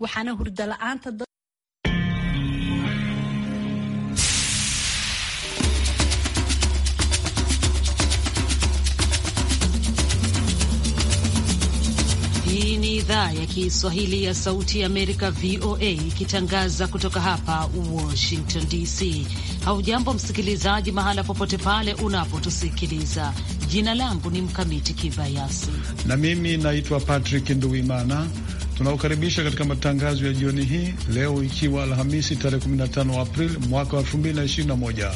waxaana hurda la'aanta Hii ni idhaa ya Kiswahili ya Sauti ya Amerika, VOA, ikitangaza kutoka hapa Washington DC. Haujambo msikilizaji, mahala popote pale unapotusikiliza. Jina langu ni Mkamiti Kibayasi na mimi naitwa Patrick nduimana tunaokaribisha katika matangazo ya jioni hii leo, ikiwa Alhamisi tarehe 15 Aprili mwaka wa 2021.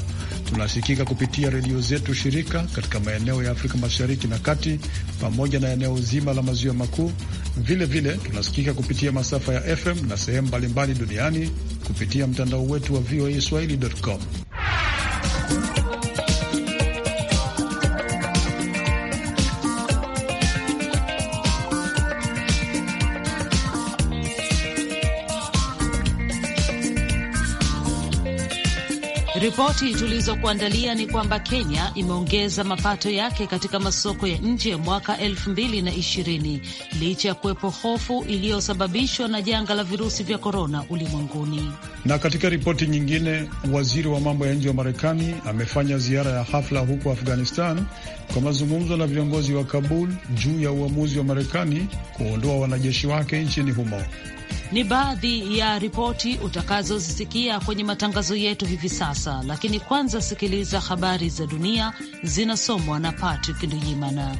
Tunasikika kupitia redio zetu shirika katika maeneo ya Afrika Mashariki na Kati pamoja na eneo zima la maziwa makuu. Vilevile tunasikika kupitia masafa ya FM na sehemu mbalimbali duniani kupitia mtandao wetu wa VOA swahili.com. Ripoti tulizokuandalia ni kwamba Kenya imeongeza mapato yake katika masoko ya nje mwaka elfu mbili na ishirini licha ya kuwepo hofu iliyosababishwa na janga la virusi vya korona ulimwenguni. Na katika ripoti nyingine, waziri wa mambo ya nje wa Marekani amefanya ziara ya hafla huko Afghanistan kwa mazungumzo na viongozi wa Kabul juu ya uamuzi wa Marekani kuondoa wanajeshi wake nchini humo. Ni baadhi ya ripoti utakazozisikia kwenye matangazo yetu hivi sasa, lakini kwanza sikiliza habari za dunia zinasomwa na Patrick Nduyimana.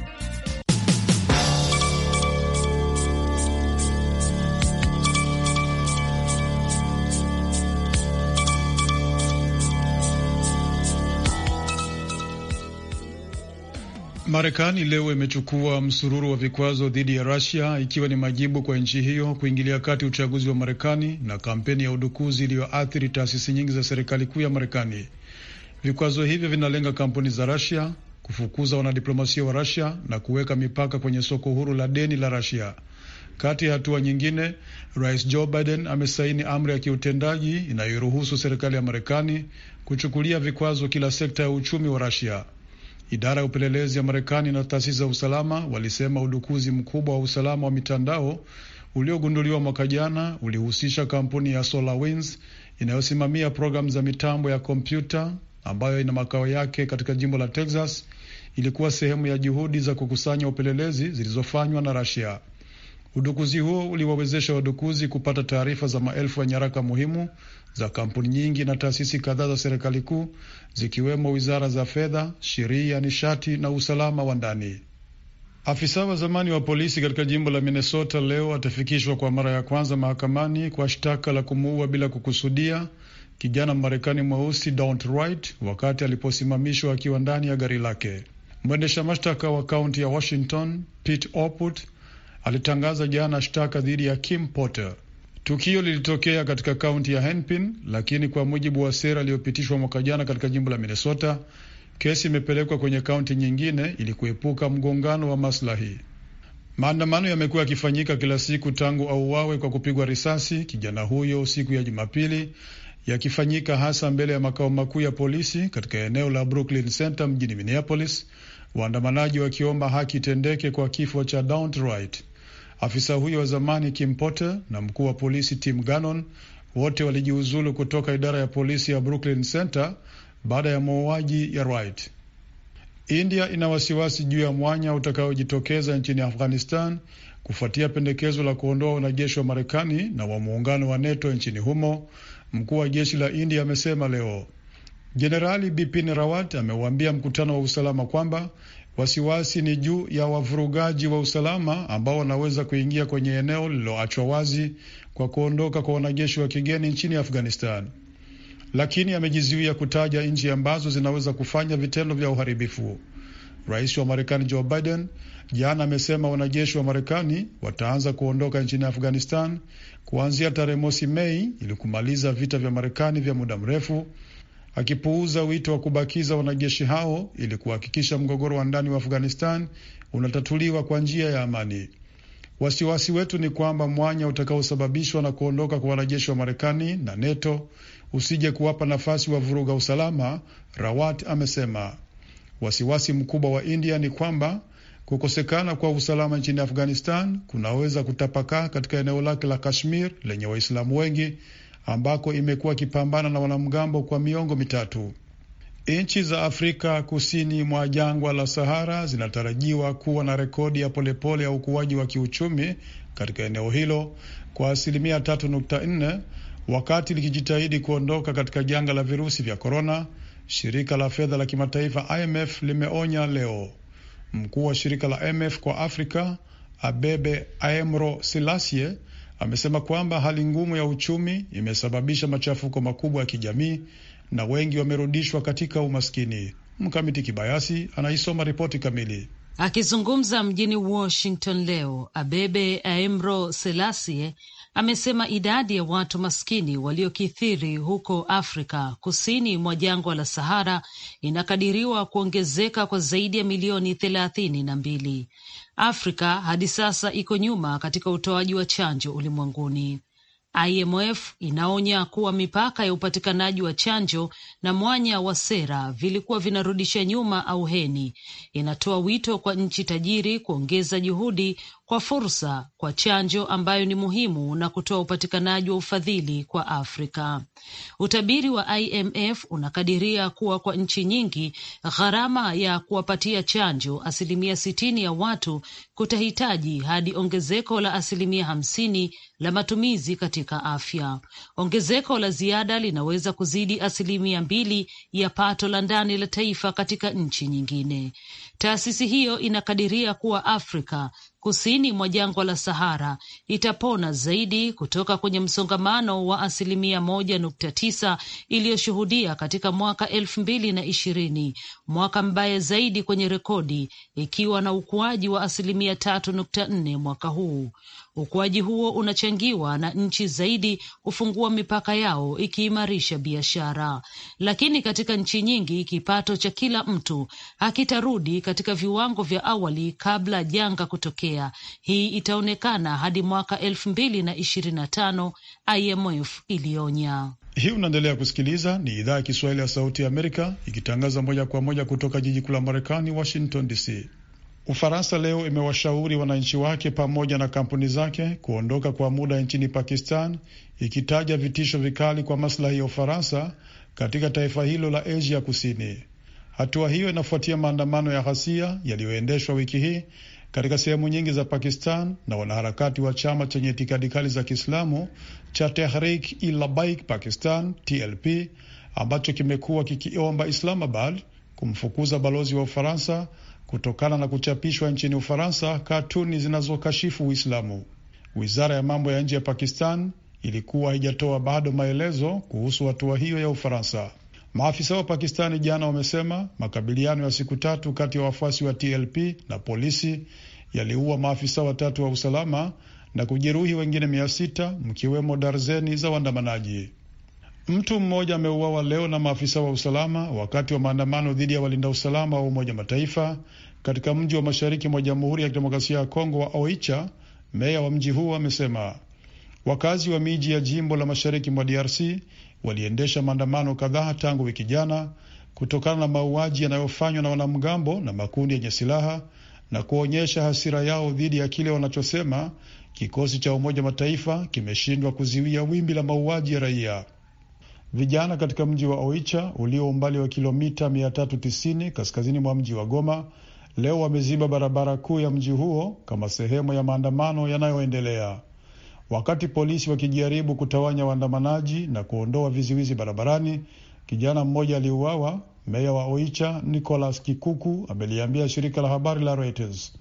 Marekani leo imechukua msururu wa vikwazo dhidi ya rasia ikiwa ni majibu kwa nchi hiyo kuingilia kati uchaguzi wa Marekani na kampeni ya udukuzi iliyoathiri taasisi nyingi za serikali kuu ya Marekani. Vikwazo hivyo vinalenga kampuni za rasia kufukuza wanadiplomasia wa rasia na kuweka mipaka kwenye soko huru la deni la rasia Kati ya hatua nyingine, Rais Joe Biden amesaini amri ya kiutendaji inayoruhusu serikali ya Marekani kuchukulia vikwazo kila sekta ya uchumi wa rasia Idara ya upelelezi ya Marekani na taasisi za usalama walisema udukuzi mkubwa wa usalama wa mitandao uliogunduliwa mwaka jana ulihusisha kampuni ya SolarWinds inayosimamia programu za mitambo ya kompyuta ambayo ina makao yake katika jimbo la Texas. Ilikuwa sehemu ya juhudi za kukusanya upelelezi zilizofanywa na Rasia. Udukuzi huo uliwawezesha wadukuzi kupata taarifa za maelfu ya nyaraka muhimu za kampuni nyingi na taasisi kadhaa za serikali kuu zikiwemo wizara za fedha, sheria, nishati na usalama wa ndani. Afisa wa zamani wa polisi katika jimbo la Minnesota leo atafikishwa kwa mara ya kwanza mahakamani kwa shtaka la kumuua bila kukusudia kijana Mmarekani mweusi Daunte Wright wakati aliposimamishwa akiwa ndani ya gari lake. Mwendesha mashtaka wa kaunti ya Washington Pete Oput alitangaza jana shtaka dhidi ya Kim Potter. Tukio lilitokea katika kaunti ya henpin lakini kwa mujibu wa sera iliyopitishwa mwaka jana katika jimbo la Minnesota, kesi imepelekwa kwenye kaunti nyingine ili kuepuka mgongano wa maslahi. Maandamano yamekuwa yakifanyika kila siku tangu auawe kwa kupigwa risasi kijana huyo siku ya Jumapili, yakifanyika hasa mbele ya makao makuu ya polisi katika eneo la Brooklyn Center mjini Minneapolis, waandamanaji wakiomba haki itendeke kwa kifo cha Daunte Wright. Afisa huyo wa zamani Kim Potter na mkuu wa polisi Tim Gannon wote walijiuzulu kutoka idara ya polisi ya Brooklyn Center baada ya mauaji ya Wright. India ina wasiwasi juu ya mwanya utakaojitokeza nchini Afghanistan kufuatia pendekezo la kuondoa wanajeshi wa Marekani na wa muungano wa NATO nchini humo, mkuu wa jeshi la India amesema leo. Jenerali Bipin Rawat amewaambia mkutano wa usalama kwamba Wasiwasi ni juu ya wavurugaji wa usalama ambao wanaweza kuingia kwenye eneo lililoachwa wazi kwa kuondoka kwa wanajeshi wa kigeni nchini Afghanistan, lakini amejizuia kutaja nchi ambazo zinaweza kufanya vitendo vya uharibifu. Rais wa Marekani Joe Biden jana amesema wanajeshi wa Marekani wataanza kuondoka nchini Afghanistan kuanzia tarehe mosi Mei ili kumaliza vita vya Marekani vya muda mrefu akipuuza wito wa kubakiza wanajeshi hao ili kuhakikisha mgogoro wa ndani wa Afghanistan unatatuliwa kwa njia ya amani. Wasiwasi wetu ni kwamba mwanya utakaosababishwa na kuondoka kwa wanajeshi wa Marekani na NATO usije kuwapa nafasi wa vuruga usalama, Rawat amesema. Wasiwasi mkubwa wa India ni kwamba kukosekana kwa usalama nchini Afghanistan kunaweza kutapakaa katika eneo lake la Kashmir lenye Waislamu wengi ambako imekuwa ikipambana na wanamgambo kwa miongo mitatu. Nchi za Afrika kusini mwa jangwa la Sahara zinatarajiwa kuwa na rekodi ya polepole ya ukuaji wa kiuchumi katika eneo hilo kwa asilimia 3.4 wakati likijitahidi kuondoka katika janga la virusi vya korona. Shirika la fedha la kimataifa IMF limeonya leo. Mkuu wa shirika la IMF kwa Afrika Abebe Aemro Silasie amesema kwamba hali ngumu ya uchumi imesababisha machafuko makubwa ya kijamii na wengi wamerudishwa katika umaskini. Mkamiti Kibayasi anaisoma ripoti kamili. Akizungumza mjini Washington leo, Abebe Aemro Selasie amesema idadi ya watu maskini waliokithiri huko Afrika kusini mwa jangwa la Sahara inakadiriwa kuongezeka kwa zaidi ya milioni thelathini na mbili. Afrika hadi sasa iko nyuma katika utoaji wa chanjo ulimwenguni. IMF inaonya kuwa mipaka ya upatikanaji wa chanjo na mwanya wa sera vilikuwa vinarudisha nyuma auheni. Inatoa wito kwa nchi tajiri kuongeza juhudi kwa fursa kwa chanjo ambayo ni muhimu na kutoa upatikanaji wa ufadhili kwa Afrika. Utabiri wa IMF unakadiria kuwa kwa nchi nyingi gharama ya kuwapatia chanjo asilimia sitini ya watu kutahitaji hadi ongezeko la asilimia hamsini la matumizi katika afya. Ongezeko la ziada linaweza kuzidi asilimia mbili ya pato la ndani la taifa katika nchi nyingine. Taasisi hiyo inakadiria kuwa Afrika kusini mwa jangwa la Sahara itapona zaidi kutoka kwenye msongamano wa asilimia moja nukta tisa iliyoshuhudia katika mwaka elfu mbili na ishirini, mwaka mbaya zaidi kwenye rekodi, ikiwa na ukuaji wa asilimia tatu nukta nne mwaka huu. Ukuaji huo unachangiwa na nchi zaidi kufungua mipaka yao ikiimarisha biashara, lakini katika nchi nyingi kipato cha kila mtu hakitarudi katika viwango vya awali kabla janga kutokea. Hii itaonekana hadi mwaka elfu mbili na ishirini na tano, IMF ilionya. Hii unaendelea kusikiliza, ni idhaa ya Kiswahili ya Sauti ya Amerika ikitangaza moja kwa moja kutoka jiji kuu la Marekani, Washington DC. Ufaransa leo imewashauri wananchi wake pamoja na kampuni zake kuondoka kwa muda nchini Pakistan, ikitaja vitisho vikali kwa maslahi ya Ufaransa katika taifa hilo la Asia Kusini. Hatua hiyo inafuatia maandamano ya ghasia yaliyoendeshwa wiki hii katika sehemu nyingi za Pakistan na wanaharakati wa chama chenye itikadi kali za Kiislamu cha Tehrik i Labaik Pakistan, TLP, ambacho kimekuwa kikiomba Islamabad kumfukuza balozi wa Ufaransa kutokana na kuchapishwa nchini Ufaransa katuni zinazokashifu Uislamu. Wizara ya mambo ya nje ya Pakistan ilikuwa haijatoa bado maelezo kuhusu hatua hiyo ya Ufaransa. Maafisa wa Pakistani jana wamesema makabiliano ya siku tatu kati ya wafuasi wa TLP na polisi yaliua maafisa watatu wa usalama na kujeruhi wengine mia sita mkiwemo darzeni za waandamanaji. Mtu mmoja ameuawa leo na maafisa wa usalama wakati wa maandamano dhidi ya walinda usalama wa Umoja Mataifa katika mji wa mashariki mwa Jamhuri ya Kidemokrasia ya Kongo wa Oicha. Meya wa mji huo amesema wakazi wa miji ya jimbo la mashariki mwa DRC waliendesha maandamano kadhaa tangu wiki jana kutokana na mauaji yanayofanywa na wanamgambo na makundi yenye silaha na kuonyesha hasira yao dhidi ya kile wanachosema kikosi cha Umoja Mataifa kimeshindwa kuziwia wimbi la mauaji ya raia. Vijana katika mji wa Oicha ulio umbali wa kilomita 390 kaskazini mwa mji wa Goma leo wameziba barabara kuu ya mji huo kama sehemu ya maandamano yanayoendelea. Wakati polisi wakijaribu kutawanya waandamanaji na kuondoa vizuizi barabarani, kijana mmoja aliuawa. Meya wa Oicha Nicolas Kikuku ameliambia shirika la habari la Reuters.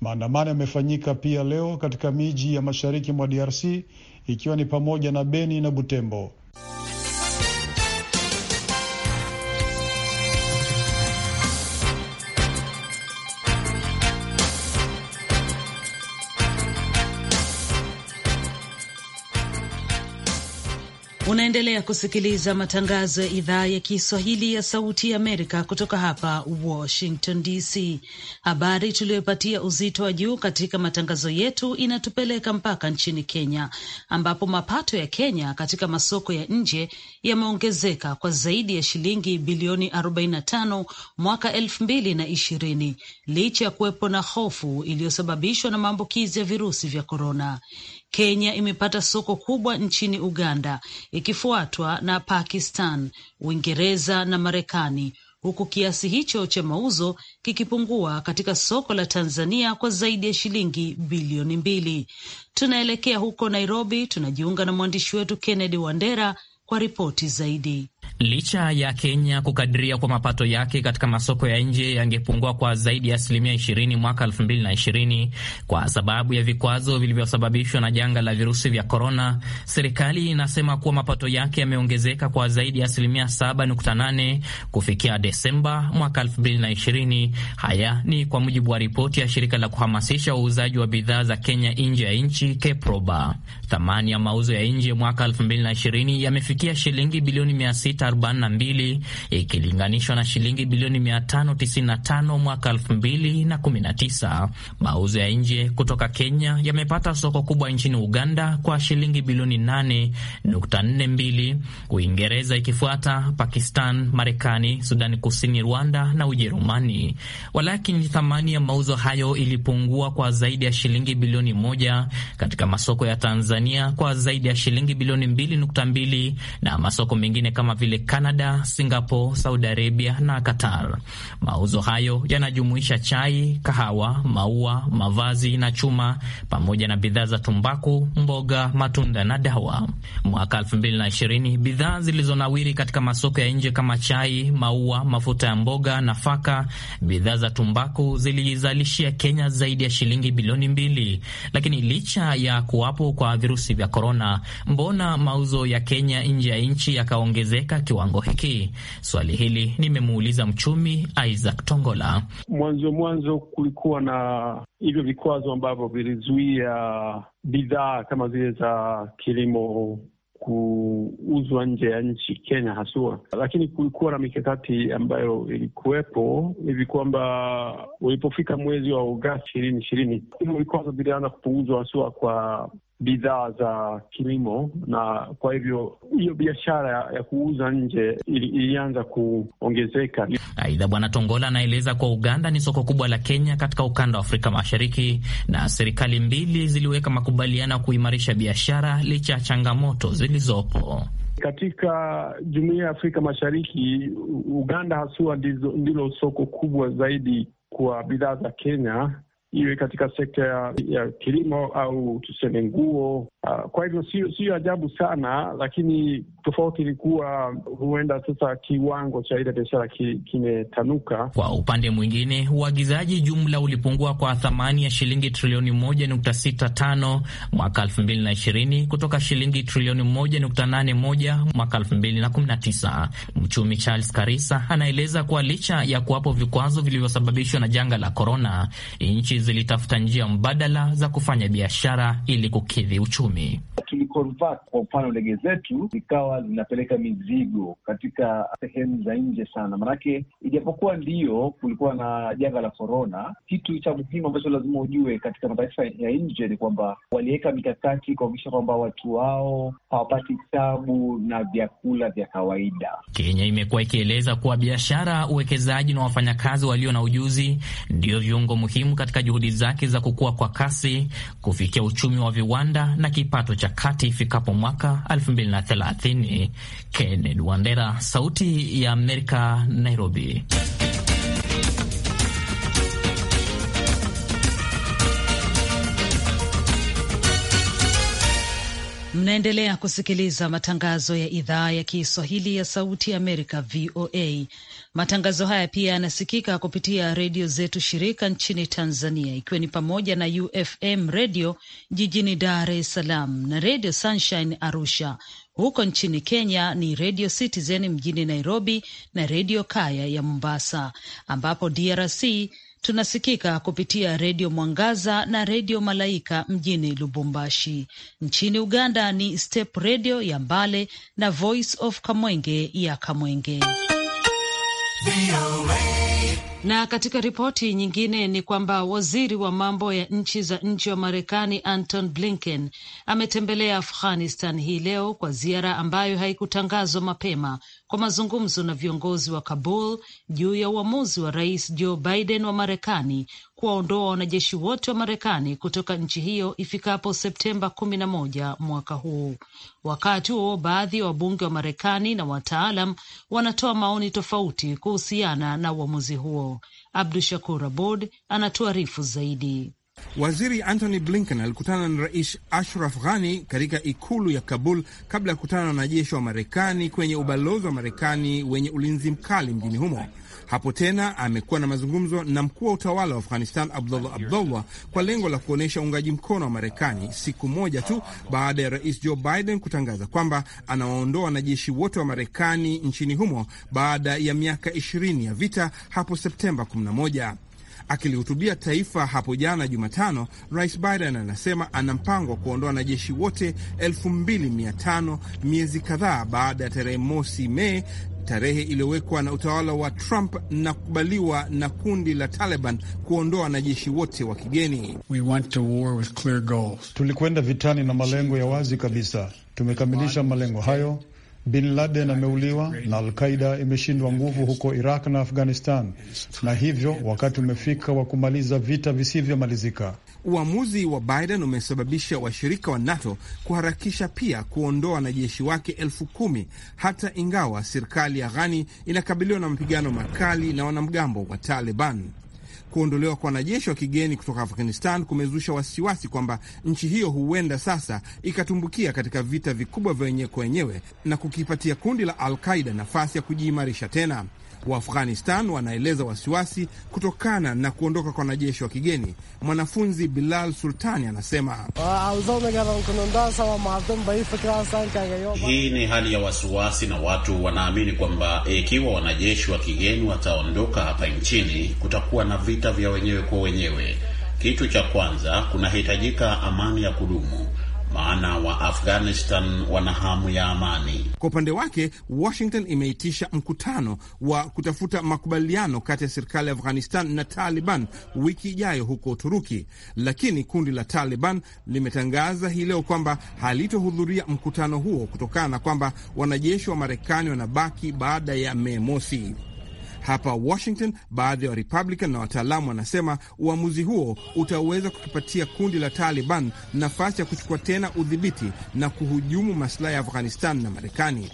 Maandamano yamefanyika pia leo katika miji ya mashariki mwa DRC ikiwa ni pamoja na Beni na Butembo. Unaendelea kusikiliza matangazo ya idhaa ya Kiswahili ya Sauti ya Amerika kutoka hapa Washington DC. Habari tuliyopatia uzito wa juu katika matangazo yetu inatupeleka mpaka nchini Kenya, ambapo mapato ya Kenya katika masoko ya nje yameongezeka kwa zaidi ya shilingi bilioni 45 mwaka 2020 licha ya kuwepo na hofu iliyosababishwa na maambukizi ya virusi vya korona. Kenya imepata soko kubwa nchini Uganda, ikifuatwa na Pakistan, Uingereza na Marekani, huku kiasi hicho cha mauzo kikipungua katika soko la Tanzania kwa zaidi ya shilingi bilioni mbili. Tunaelekea huko Nairobi, tunajiunga na mwandishi wetu Kennedy Wandera kwa ripoti zaidi. Licha ya Kenya kukadiria kwa mapato yake katika masoko ya nje yangepungua kwa zaidi ya asilimia 20 mwaka 2020 kwa sababu ya vikwazo vilivyosababishwa na janga la virusi vya korona, serikali inasema kuwa mapato yake yameongezeka kwa zaidi ya asilimia 7.8 kufikia Desemba mwaka 2020. Haya ni kwa mujibu wa ripoti ya shirika la kuhamasisha uuzaji wa bidhaa za Kenya nje ya nchi, KEPROBA. Thamani ya mauzo ya nje mwaka 2020 yamefikia shilingi bilioni 642 ikilinganishwa na shilingi bilioni 595 mwaka 2019. Mauzo ya nje kutoka Kenya yamepata soko kubwa nchini Uganda kwa shilingi bilioni 8.42, Uingereza ikifuata Pakistan, Marekani, Sudani Kusini, Rwanda na Ujerumani. Walakini, thamani ya mauzo hayo ilipungua kwa zaidi ya shilingi bilioni moja katika masoko ya Tanzania kwa zaidi ya shilingi bilioni 2.2 na masoko mengine kama vile Canada, Singapore, Saudi Arabia na Qatar. Mauzo hayo yanajumuisha chai, kahawa, maua, mavazi na chuma pamoja na bidhaa za tumbaku, mboga, matunda na dawa. Mwaka 2020 bidhaa zilizonawiri katika masoko ya nje kama chai, maua, mafuta ya mboga, nafaka, bidhaa za tumbaku zilizalishia Kenya zaidi ya shilingi bilioni mbili. Lakini licha ya kuwapo kwa virusi vya korona, mbona mauzo ya Kenya nje ya nchi yakaongezeka? katika kiwango hiki? Swali hili nimemuuliza mchumi Isaac Tongola. Mwanzo mwanzo kulikuwa na hivyo vikwazo ambavyo vilizuia bidhaa kama zile za kilimo kuuzwa nje ya nchi, Kenya haswa, lakini kulikuwa na mikakati ambayo ilikuwepo hivi kwamba ulipofika mwezi wa Agosti ishirini ishirini hivyo vikwazo vilianza kupunguzwa haswa kwa bidhaa za kilimo, na kwa hivyo hiyo biashara ya kuuza nje ilianza kuongezeka. Aidha, Bwana Tongola anaeleza kuwa Uganda ni soko kubwa la Kenya katika ukanda wa Afrika Mashariki, na serikali mbili ziliweka makubaliano ya kuimarisha biashara licha ya changamoto zilizopo katika jumuiya ya Afrika Mashariki. Uganda haswa ndilo soko kubwa zaidi kwa bidhaa za Kenya iwe katika sekta ya kilimo au tuseme nguo Uh, kwa hivyo sio sio ajabu sana, lakini tofauti ilikuwa huenda sasa kiwango cha ile biashara kimetanuka. Ki kwa upande mwingine, uagizaji jumla ulipungua kwa thamani ya shilingi trilioni moja nukta sita tano mwaka elfu mbili na ishirini kutoka shilingi trilioni moja nukta nane moja mwaka elfu mbili na kumi na tisa. Mchumi Charles Karisa anaeleza kuwa licha ya kuwapo vikwazo vilivyosababishwa na janga la korona, nchi zilitafuta njia mbadala za kufanya biashara ili kukidhi uchumi kiuchumi. Tuliconvert kwa mfano ndege zetu zikawa zinapeleka mizigo katika sehemu za nje sana, maanake ijapokuwa ndiyo kulikuwa na janga la korona, kitu cha muhimu ambacho lazima ujue katika mataifa ya nje ni kwamba waliweka mikakati kuhakikisha kwamba watu wao hawapati tabu na vyakula vya kawaida. Kenya imekuwa ikieleza kuwa biashara, uwekezaji na wafanyakazi walio na ujuzi ndiyo viungo muhimu katika juhudi zake za kukua kwa kasi, kufikia uchumi wa viwanda na kipato cha kati ifikapo mwaka 2030. Kennedy Wandera, Sauti ya Amerika, Nairobi. Mnaendelea kusikiliza matangazo ya idhaa ya Kiswahili ya Sauti ya Amerika, VOA. Matangazo haya pia yanasikika kupitia redio zetu shirika nchini Tanzania, ikiwa ni pamoja na UFM redio jijini Dar es Salaam na redio Sunshine Arusha. Huko nchini Kenya ni redio Citizen mjini Nairobi na redio Kaya ya Mombasa, ambapo DRC Tunasikika kupitia Redio Mwangaza na Redio Malaika mjini Lubumbashi. Nchini Uganda ni Step Redio ya Mbale na Voice of Kamwenge ya Kamwenge. Na katika ripoti nyingine ni kwamba waziri wa mambo ya nchi za nje wa Marekani Anton Blinken ametembelea Afghanistan hii leo kwa ziara ambayo haikutangazwa mapema kwa mazungumzo na viongozi wa Kabul juu ya uamuzi wa rais Joe Biden wa Marekani kuwaondoa wanajeshi wote wa Marekani kutoka nchi hiyo ifikapo Septemba kumi na moja mwaka huu. Wakati huo baadhi ya wabunge wa Marekani na wataalam wanatoa maoni tofauti kuhusiana na uamuzi huo. Abdu Shakur Abud anatuarifu zaidi. Waziri Antony Blinken alikutana na Rais Ashraf Ghani katika ikulu ya Kabul kabla ya kukutana na wanajeshi wa Marekani kwenye ubalozi wa Marekani wenye ulinzi mkali mjini humo. Hapo tena amekuwa na mazungumzo na mkuu wa utawala wa Afghanistan Abdullah Abdullah kwa lengo la kuonyesha uungaji mkono wa Marekani, siku moja tu baada ya Rais Joe Biden kutangaza kwamba anawaondoa wanajeshi wote wa Marekani nchini humo baada ya miaka 20 ya vita hapo Septemba 11. Akilihutubia taifa hapo jana Jumatano, Rais Biden anasema ana mpango wa kuondoa wanajeshi wote 2500 miezi kadhaa baada ya tarehe mosi Mei, tarehe iliyowekwa na utawala wa Trump na kukubaliwa na kundi la Taliban kuondoa wanajeshi wote wa kigeni. We went to war with clear goals. Tulikwenda vitani na malengo ya wazi kabisa. Tumekamilisha malengo hayo Bin Laden ameuliwa na Alqaida imeshindwa nguvu huko Iraq na Afghanistan, na hivyo wakati umefika wa kumaliza vita visivyomalizika. Uamuzi wa Biden umesababisha washirika wa NATO kuharakisha pia kuondoa wanajeshi wake elfu kumi hata ingawa serikali ya Ghani inakabiliwa na mapigano makali na wanamgambo wa Taliban. Kuondolewa kwa wanajeshi wa kigeni kutoka Afghanistan kumezusha wasiwasi kwamba nchi hiyo huenda sasa ikatumbukia katika vita vikubwa vya wenyewe kwa wenyewe na kukipatia kundi la Al Qaida nafasi ya kujiimarisha tena wa Afghanistan wanaeleza wasiwasi kutokana na kuondoka kwa wanajeshi wa kigeni. Mwanafunzi Bilal Sultani anasema hii ni hali ya wasiwasi, na watu wanaamini kwamba ikiwa wanajeshi wa kigeni wataondoka hapa nchini, kutakuwa na vita vya wenyewe kwa wenyewe. Kitu cha kwanza, kunahitajika amani ya kudumu maana wa Afghanistan wana hamu ya amani. Kwa upande wake, Washington imeitisha mkutano wa kutafuta makubaliano kati ya serikali ya Afghanistan na Taliban wiki ijayo huko Uturuki, lakini kundi la Taliban limetangaza hii leo kwamba halitohudhuria mkutano huo kutokana na kwamba wanajeshi wa Marekani wanabaki baada ya Mei Mosi. Hapa Washington, baadhi ya wa Republican na wataalamu wanasema uamuzi huo utaweza kukipatia kundi la Taliban nafasi ya kuchukua tena udhibiti na kuhujumu masilahi ya Afghanistan na Marekani.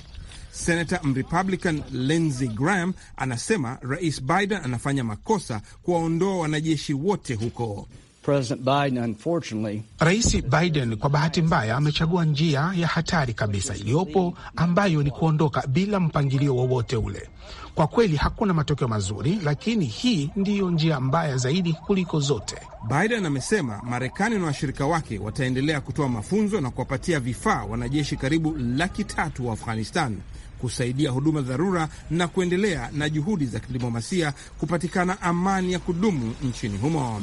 Senata Mrepublican Lindsey Graham anasema Rais Biden anafanya makosa kuwaondoa wanajeshi wote huko. President Biden, unfortunately... Rais Biden kwa bahati mbaya amechagua njia ya hatari kabisa iliyopo ambayo ni kuondoka bila mpangilio wowote ule. Kwa kweli hakuna matokeo mazuri, lakini hii ndiyo njia mbaya zaidi kuliko zote. Biden amesema Marekani na washirika wake wataendelea kutoa mafunzo na kuwapatia vifaa wanajeshi karibu laki tatu wa Afghanistan kusaidia huduma dharura na kuendelea na juhudi za kidiplomasia kupatikana amani ya kudumu nchini humo.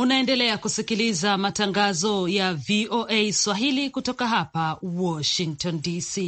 Unaendelea kusikiliza matangazo ya VOA Swahili kutoka hapa Washington DC.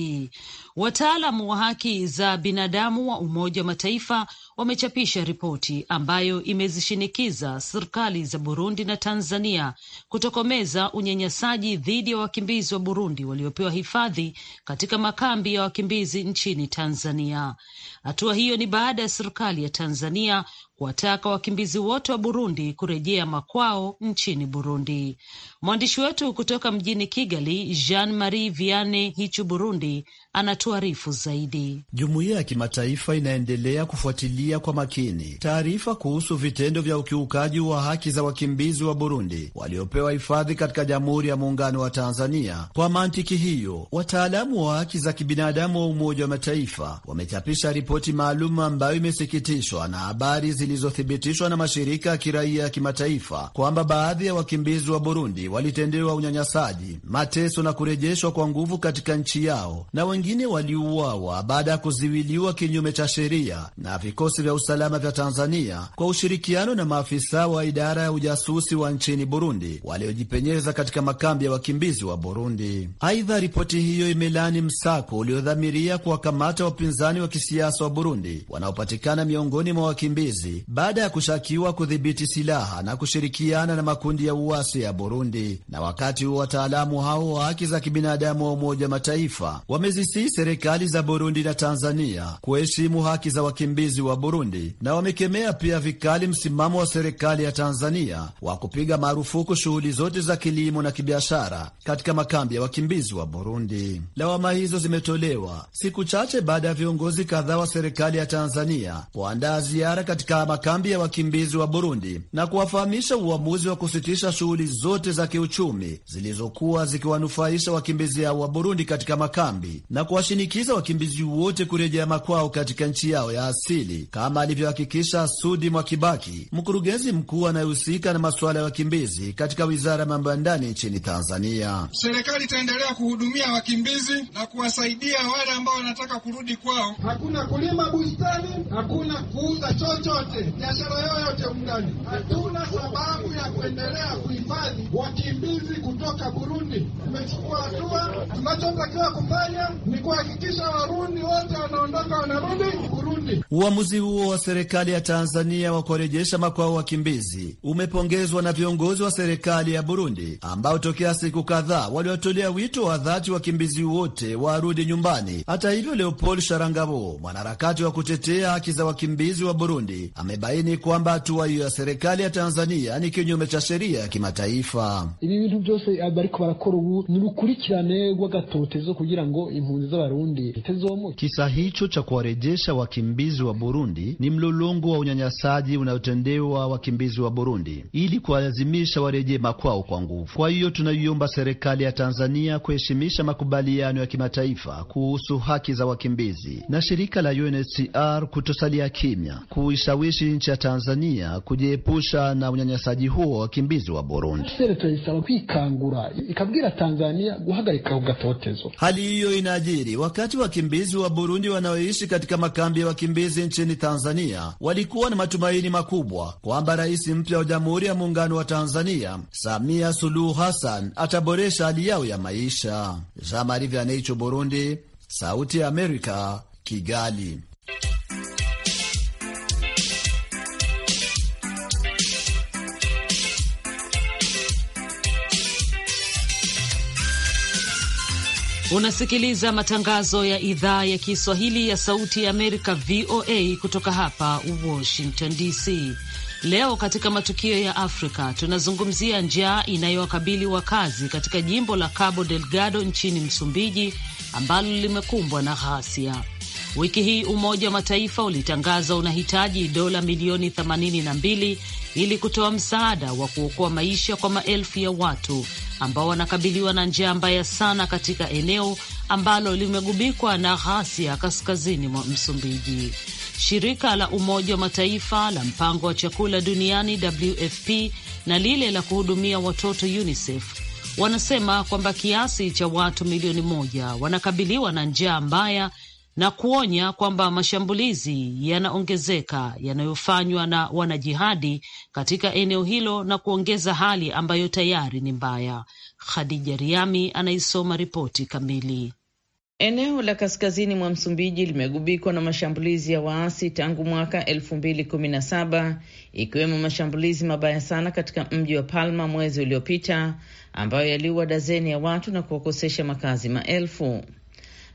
Wataalamu wa haki za binadamu wa Umoja wa Mataifa wamechapisha ripoti ambayo imezishinikiza serikali za Burundi na Tanzania kutokomeza unyanyasaji dhidi ya wakimbizi wa Burundi waliopewa hifadhi katika makambi ya wakimbizi nchini Tanzania. Hatua hiyo ni baada ya serikali ya Tanzania wataka wakimbizi wote wa Burundi kurejea makwao nchini Burundi. Mwandishi wetu kutoka mjini Kigali, Jean Marie Viane Hichu, Burundi, anatuarifu zaidi. Jumuiya ya kimataifa inaendelea kufuatilia kwa makini taarifa kuhusu vitendo vya ukiukaji wa haki za wakimbizi wa Burundi waliopewa hifadhi katika Jamhuri ya Muungano wa Tanzania. Kwa mantiki hiyo, wataalamu wa haki za kibinadamu wa Umoja wa Mataifa wamechapisha ripoti maalum ambayo imesikitishwa na habari zilizothibitishwa na mashirika ya kiraia ya kimataifa kwamba baadhi ya wakimbizi wa Burundi walitendewa unyanyasaji, mateso na kurejeshwa kwa nguvu katika nchi yao, na wengine waliuawa baada ya kuziwiliwa kinyume cha sheria na vikosi vya usalama vya Tanzania kwa ushirikiano na maafisa wa idara ya ujasusi wa nchini Burundi waliojipenyeza katika makambi ya wakimbizi wa Burundi. Aidha, ripoti hiyo imelaani msako uliodhamiria kuwakamata wapinzani wa kisiasa wa Burundi wanaopatikana miongoni mwa wakimbizi baada ya kushakiwa kudhibiti silaha na kushirikiana na makundi ya uasi ya Burundi mbili. Na wakati huo wataalamu hao wa haki za kibinadamu wa Umoja Mataifa wamezisii serikali za Burundi na Tanzania kuheshimu haki za wakimbizi wa Burundi, na wamekemea pia vikali msimamo wa serikali ya Tanzania wa kupiga marufuku shughuli zote za kilimo na kibiashara katika makambi ya wakimbizi wa Burundi. Lawama hizo zimetolewa siku chache baada ya viongozi kadhaa wa serikali ya Tanzania kuandaa ziara katika makambi ya wakimbizi wa Burundi na kuwafahamisha uamuzi wa kusitisha shughuli zote za kiuchumi zilizokuwa zikiwanufaisha wakimbizi hao wa Burundi katika makambi na kuwashinikiza wakimbizi wote kurejea makwao katika nchi yao ya asili, kama alivyohakikisha Sudi Mwakibaki, mkurugenzi mkuu anayehusika na masuala ya wakimbizi katika Wizara ya Mambo ya Ndani nchini Tanzania. Serikali itaendelea kuhudumia wakimbizi na kuwasaidia wale ambao wanataka kurudi kwao. Hakuna kulima bustani, hakuna kuuza chochote, biashara yoyote mndani. Hatuna sababu ya kuendelea kuhifadhi wakimbizi kutoka Burundi. Tumechukua hatua, tunachotakiwa kufanya ni kuhakikisha Warundi wote wanaondoka wanarudi Burundi. Uamuzi huo wa serikali ya Tanzania wa kuwarejesha makwao wakimbizi umepongezwa na viongozi wa serikali ya Burundi ambao tokea siku kadhaa waliwatolea wito wa dhati wakimbizi wote warudi nyumbani. Hata hivyo, Leopold Sharangabo, mwanaharakati wa kutetea haki za wakimbizi wa Burundi, amebaini kwamba hatua hiyo ya serikali ya Tanzania ni kinyume cha sheria ya kimataifa ibi bintu byose bariko barakora ubu ni urukurikirane rw'agatotezo kugira ngo impunzi z'abarundi zitazomuka. Kisa hicho cha kuwarejesha wakimbizi wa Burundi ni mlolongo wa unyanyasaji unaotendewa wakimbizi wa Burundi ili kuwalazimisha warejee makwao kwa nguvu. Kwa hiyo tunaiomba serikali ya Tanzania kuheshimisha makubaliano ya kimataifa kuhusu haki za wakimbizi na shirika la UNHCR kutosalia kimya kuishawishi nchi ya Tanzania kujiepusha na unyanyasaji huo wakimbizi wa Burundi irayisaba kwikangura ikabwira Tanzania guhagarika ugatotezo. Hali hiyo inajiri wakati wakimbizi wa Burundi wanaoishi katika makambi ya wakimbizi nchini Tanzania walikuwa na matumaini makubwa kwamba rais mpya wa Jamhuri ya Muungano wa Tanzania Samia Suluhu Hassan ataboresha hali yao ya maisha. Burundi, Sauti ya Amerika, Kigali. Unasikiliza matangazo ya idhaa ya Kiswahili ya Sauti ya Amerika, VOA, kutoka hapa Washington DC. Leo katika matukio ya Afrika tunazungumzia njaa inayowakabili wakazi katika jimbo la Cabo Delgado nchini Msumbiji ambalo limekumbwa na ghasia. Wiki hii Umoja wa Mataifa ulitangaza unahitaji dola milioni 82 ili kutoa msaada wa kuokoa maisha kwa maelfu ya watu ambao wanakabiliwa na njaa mbaya sana katika eneo ambalo limegubikwa na ghasia kaskazini mwa Msumbiji. Shirika la Umoja wa Mataifa la Mpango wa Chakula Duniani WFP na lile la kuhudumia watoto UNICEF wanasema kwamba kiasi cha watu milioni moja wanakabiliwa na njaa mbaya na kuonya kwamba mashambulizi yanaongezeka yanayofanywa na wanajihadi katika eneo hilo na kuongeza hali ambayo tayari ni mbaya. Khadija Riami anaisoma ripoti kamili. Eneo la kaskazini mwa Msumbiji limegubikwa na mashambulizi ya waasi tangu mwaka elfu mbili kumi na saba ikiwemo mashambulizi mabaya sana katika mji wa Palma mwezi uliopita ambayo yaliua dazeni ya watu na kuwakosesha makazi maelfu.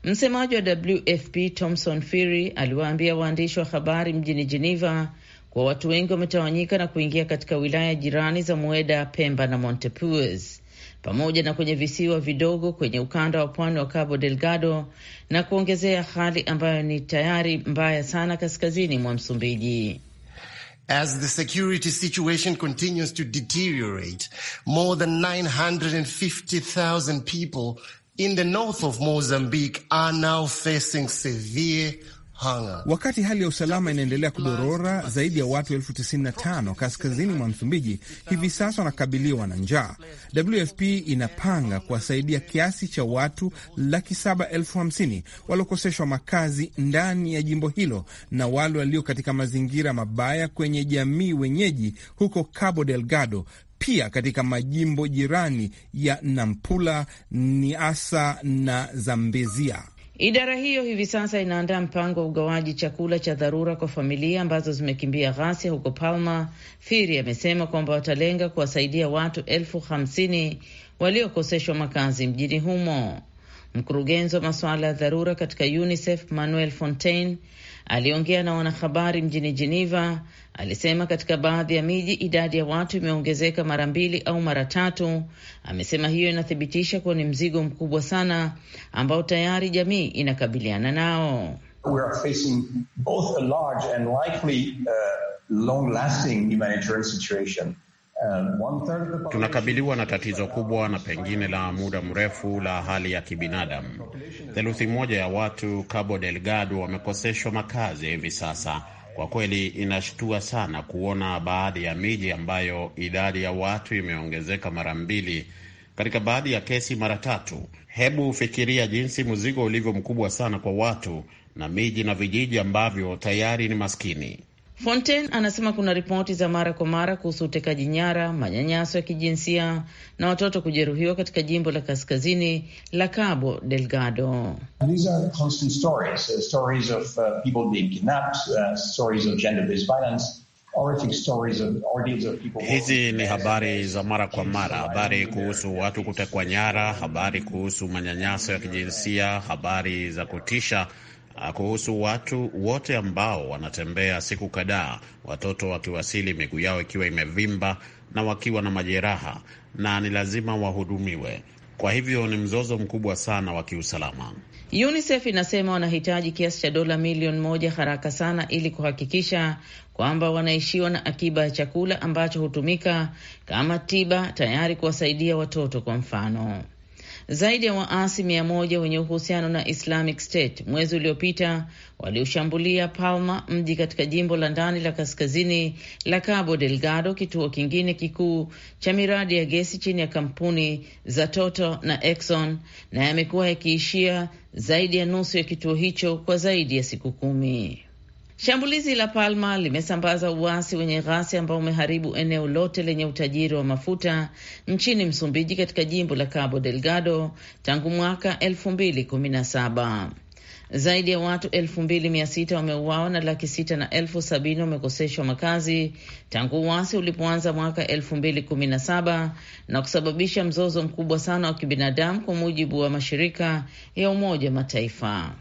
Msemaji wa WFP Thomson Firi aliwaambia waandishi wa habari mjini Geneva kuwa watu wengi wametawanyika na kuingia katika wilaya jirani za Mueda, Pemba na Montepuez pamoja na kwenye visiwa vidogo kwenye ukanda wa pwani wa Cabo Delgado na kuongezea hali ambayo ni tayari mbaya sana kaskazini mwa Msumbiji. As the security situation continues to deteriorate, more than 950,000 people in the north of Mozambique are now facing severe Wakati hali ya usalama inaendelea kudorora, zaidi ya watu elfu tisini na tano kaskazini mwa Msumbiji hivi sasa wanakabiliwa na njaa. WFP inapanga kuwasaidia kiasi cha watu laki saba elfu hamsini waliokoseshwa makazi ndani ya jimbo hilo na wale walio katika mazingira mabaya kwenye jamii wenyeji huko Cabo Delgado pia katika majimbo jirani ya Nampula, niasa na Zambezia. Idara hiyo hivi sasa inaandaa mpango wa ugawaji chakula cha dharura kwa familia ambazo zimekimbia ghasia huko Palma. Firi amesema kwamba watalenga kuwasaidia watu elfu hamsini waliokoseshwa makazi mjini humo. Mkurugenzi wa masuala ya dharura katika UNICEF Manuel Fontaine aliongea na wanahabari mjini Geneva. Alisema katika baadhi ya miji idadi ya watu imeongezeka mara mbili au mara tatu. Amesema hiyo inathibitisha kuwa ni mzigo mkubwa sana ambao tayari jamii inakabiliana nao. We are facing both a large and likely, uh, long-lasting humanitarian situation. Tunakabiliwa na tatizo kubwa na pengine la muda mrefu la hali ya kibinadamu. Theluthi moja ya watu Cabo Delgado wamekoseshwa makazi hivi sasa. Kwa kweli inashtua sana kuona baadhi ya miji ambayo idadi ya watu imeongezeka mara mbili, katika baadhi ya kesi mara tatu. Hebu fikiria jinsi mzigo ulivyo mkubwa sana kwa watu na miji na vijiji ambavyo tayari ni maskini. Fontaine anasema kuna ripoti za mara kwa mara kuhusu utekaji nyara, manyanyaso ya kijinsia na watoto kujeruhiwa katika jimbo la kaskazini la Cabo Delgado. Uh, uh, Hizi ni habari za mara kwa mara, habari kuhusu watu kutekwa nyara, habari kuhusu manyanyaso ya kijinsia, habari za kutisha Ah, kuhusu watu wote ambao wanatembea siku kadhaa, watoto wakiwasili miguu yao ikiwa imevimba na wakiwa na majeraha na ni lazima wahudumiwe. Kwa hivyo ni mzozo mkubwa sana wa kiusalama. UNICEF inasema wanahitaji kiasi cha dola milioni moja haraka sana ili kuhakikisha kwamba wanaishiwa na akiba ya chakula ambacho hutumika kama tiba, tayari kuwasaidia watoto, kwa mfano. Zaidi ya waasi mia moja wenye uhusiano na Islamic State mwezi uliopita waliushambulia Palma, mji katika jimbo la ndani la kaskazini la Cabo Delgado, kituo kingine kikuu cha miradi ya gesi chini ya kampuni za Total na Exxon, na yamekuwa yakiishia zaidi ya nusu ya kituo hicho kwa zaidi ya siku kumi. Shambulizi la Palma limesambaza uasi wenye ghasia ambao umeharibu eneo lote lenye utajiri wa mafuta nchini Msumbiji katika jimbo la Cabo Delgado tangu mwaka 2017. Zaidi ya watu elfu mbili mia sita wameuawa na laki sita na elfu sabini wamekoseshwa makazi tangu uasi ulipoanza mwaka elfu mbili kumi na saba na kusababisha mzozo mkubwa sana wa kibinadamu, kwa mujibu wa mashirika ya Umoja Mataifa.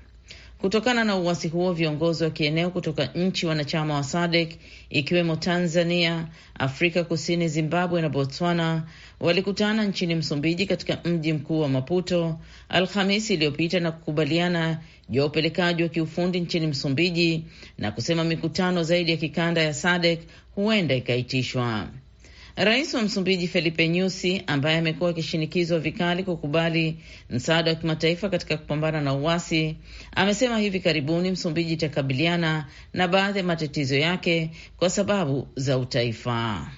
Kutokana na uwasi huo, viongozi wa kieneo kutoka nchi wanachama wa SADC ikiwemo Tanzania, Afrika Kusini, Zimbabwe na Botswana walikutana nchini Msumbiji katika mji mkuu wa Maputo Alhamisi iliyopita na kukubaliana juu ya upelekaji wa kiufundi nchini Msumbiji na kusema mikutano zaidi ya kikanda ya SADC huenda ikaitishwa. Rais wa Msumbiji Felipe Nyusi, ambaye amekuwa akishinikizwa vikali kukubali msaada wa kimataifa katika kupambana na uasi, amesema hivi karibuni Msumbiji itakabiliana na baadhi ya matatizo yake kwa sababu za utaifa.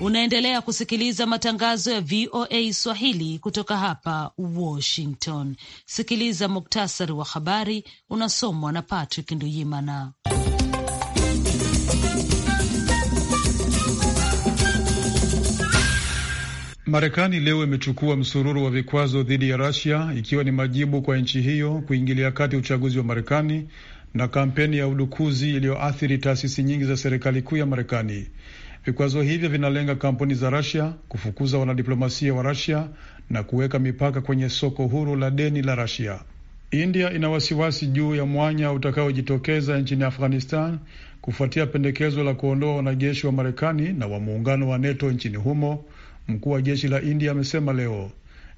Unaendelea kusikiliza matangazo ya VOA Swahili kutoka hapa Washington. Sikiliza muktasari wa habari unasomwa na Patrick Nduyimana. Marekani leo imechukua msururu wa vikwazo dhidi ya rasia ikiwa ni majibu kwa nchi hiyo kuingilia kati uchaguzi wa Marekani na kampeni ya udukuzi iliyoathiri taasisi nyingi za serikali kuu ya Marekani. Vikwazo hivyo vinalenga kampuni za rasia kufukuza wanadiplomasia wa rasia na kuweka mipaka kwenye soko huru la deni la rasia India ina wasiwasi juu ya mwanya utakaojitokeza nchini Afghanistan kufuatia pendekezo la kuondoa wanajeshi wa Marekani na wa muungano wa NATO nchini humo Mkuu wa jeshi la India amesema leo.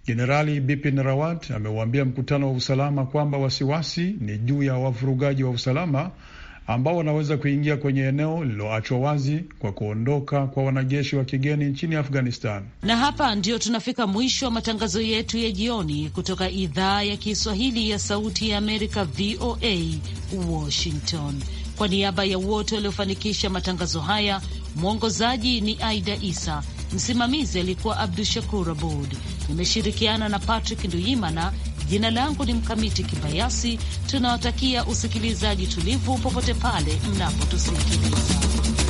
Jenerali Bipin Rawat amewaambia mkutano wa usalama kwamba wasiwasi ni juu ya wavurugaji wa usalama ambao wanaweza kuingia kwenye eneo lililoachwa wazi kwa kuondoka kwa wanajeshi wa kigeni nchini Afghanistan. Na hapa ndio tunafika mwisho wa matangazo yetu ya jioni kutoka idhaa ya Kiswahili ya Sauti ya Amerika, VOA Washington. Kwa niaba ya wote waliofanikisha matangazo haya, mwongozaji ni Aida Isa. Msimamizi alikuwa Abdu Shakur Abud. Nimeshirikiana na Patrick Nduyimana. Jina langu ni Mkamiti Kibayasi. Tunawatakia usikilizaji tulivu popote pale mnapotusikiliza.